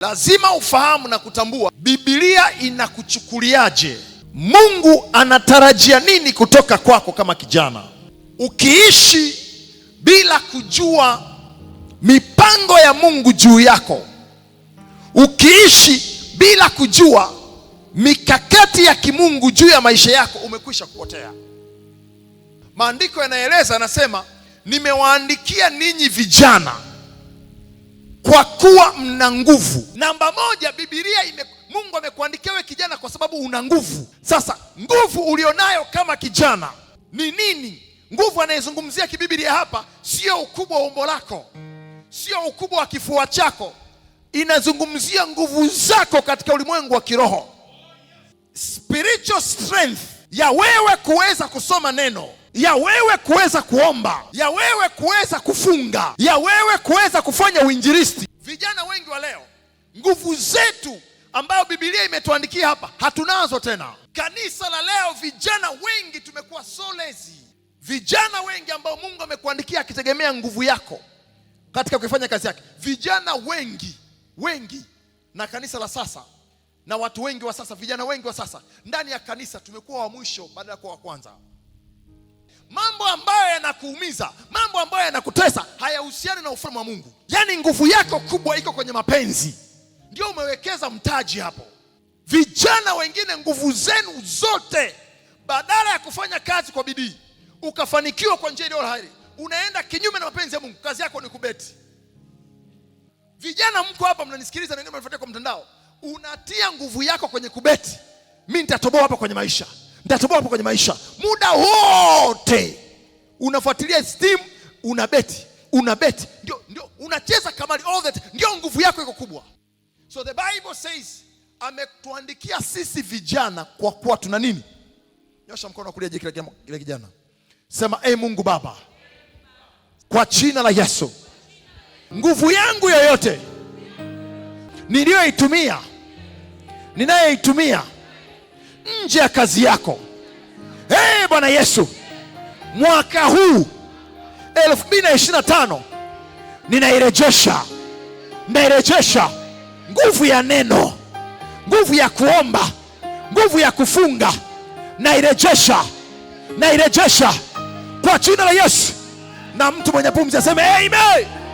Lazima ufahamu na kutambua Biblia inakuchukuliaje, Mungu anatarajia nini kutoka kwako kama kijana. Ukiishi bila kujua mipango ya Mungu juu yako, ukiishi bila kujua mikakati ya kimungu juu ya maisha yako, umekwisha kupotea. Maandiko yanaeleza, anasema nimewaandikia ninyi vijana kwa kuwa mna nguvu. Namba moja, Biblia ime Mungu amekuandikia wewe kijana kwa sababu una nguvu. Sasa nguvu ulionayo kama kijana ni nini? Nguvu anayezungumzia kibiblia hapa sio ukubwa wa umbo lako, sio ukubwa wa kifua chako, inazungumzia nguvu zako katika ulimwengu wa kiroho, spiritual strength ya wewe kuweza kusoma neno, ya wewe kuweza kuomba, ya wewe kuweza kufunga, ya wewe kuweza kufanya uinjilisti. Vijana wengi wa leo, nguvu zetu ambayo Biblia imetuandikia hapa hatunazo tena. Kanisa la leo, vijana wengi tumekuwa solezi. Vijana wengi ambao Mungu amekuandikia akitegemea nguvu yako katika kufanya kazi yake, vijana wengi wengi, na kanisa la sasa na watu wengi wa sasa, vijana wengi wa sasa ndani ya kanisa tumekuwa wa mwisho badala ya kuwa wa kwanza. Mambo ambayo yanakuumiza, mambo ambayo yanakutesa hayahusiani na ufalme wa Mungu. Yaani nguvu yako kubwa iko kwenye mapenzi, ndio umewekeza mtaji hapo. Vijana wengine, nguvu zenu zote, badala ya kufanya kazi kwa bidii ukafanikiwa kwa njia iliyo halali, unaenda kinyume na mapenzi ya Mungu. Kazi yako ni kubeti. Vijana mko hapa mnanisikiliza, na wengine mnafuatia kwa mtandao unatia nguvu yako kwenye kubeti, mi nitatoboa hapa kwenye maisha, nitatoboa hapa kwenye maisha. Muda wote unafuatilia steam, unabeti, unabeti, ndio, ndio unacheza kamari all that, ndio nguvu yako iko kubwa. So the Bible says ametuandikia sisi vijana kwa kuwa tuna nini? Nyosha mkono wa kulia je, kijana sema e ee hey, Mungu Baba, kwa jina la Yesu, nguvu yangu yoyote niliyoitumia ninayeitumia nje ya kazi yako. Hey, Bwana Yesu, mwaka huu 2025 ninairejesha, nairejesha nguvu ya neno, nguvu ya kuomba, nguvu ya kufunga, nairejesha, nairejesha kwa jina la Yesu. Na mtu mwenye pumzi aseme amen.